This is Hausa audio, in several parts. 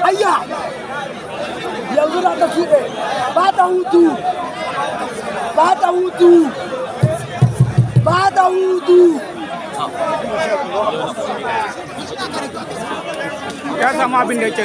Ayya! Yanzu na ta shuɗe, ba ta hutu, hutu, hutu. samu abin da yake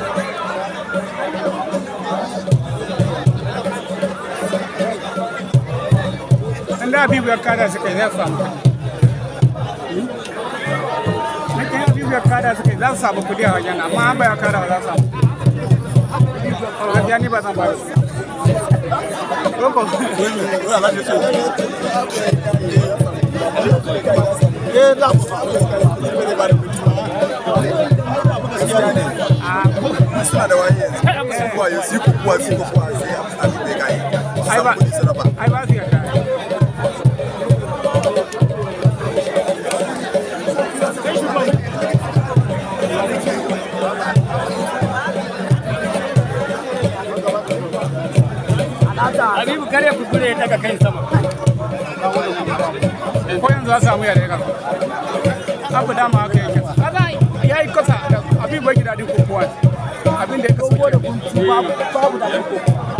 Wallahi Habibu ya kada suka yi za su samu kuɗi. Habibu ya kada suka yi za su samu kuɗi a wajen amma an ya kada za su samu. Habibu ya ba zan ba su. Suna da waye, sai kukuwa, sai kukuwa, sai kare kuskure ya daga kai sama ko yanzu za samu ya daga abu dama haka yake ya yi kasa abin bai gida din kokowa abin da ya kasu babu da kokowa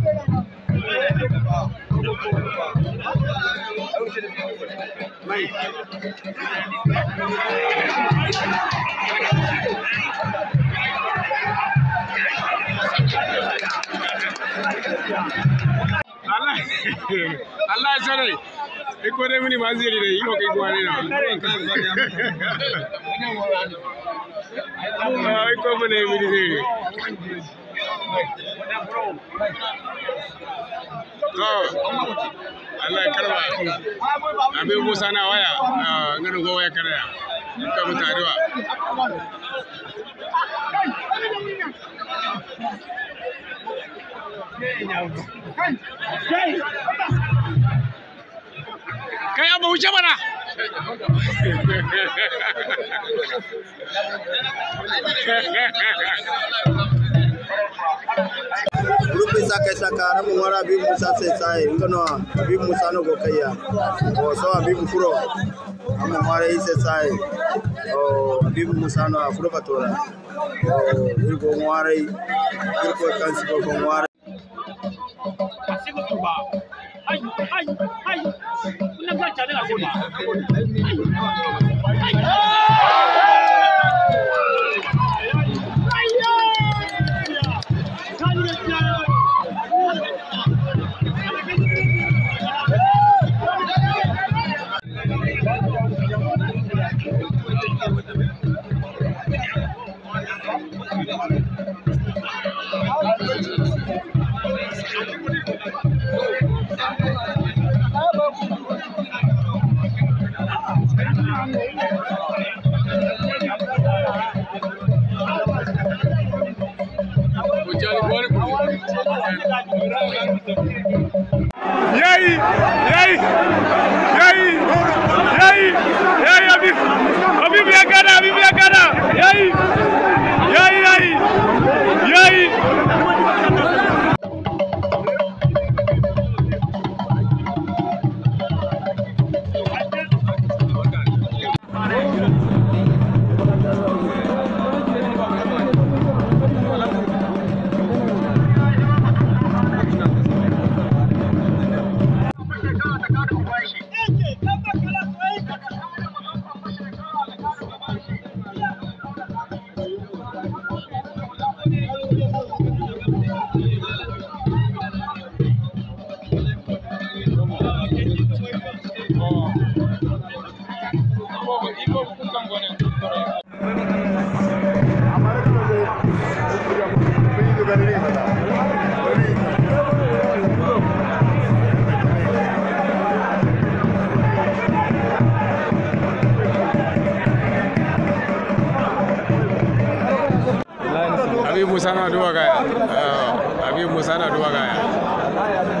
Allah ya sarai iko dai mini mazi ne yi ko kai gwani na Allah iko mini mini ne Allah ya karba abin musa na waya ngana go waya karya ka mu tarewa kai abu wuce mana grupi sa saka sa karam ngora bi musa se sai kono bi musa no go kaya o oh, so bi kuro amma mare ise sai o oh, bi musa no afro batora o oh, bi go ngore bi ko kan si go ngore asigo tuba ai ai ai unanga chale asigo É e aí? E aí? musa na duwa gaya abi musa na duwa gaya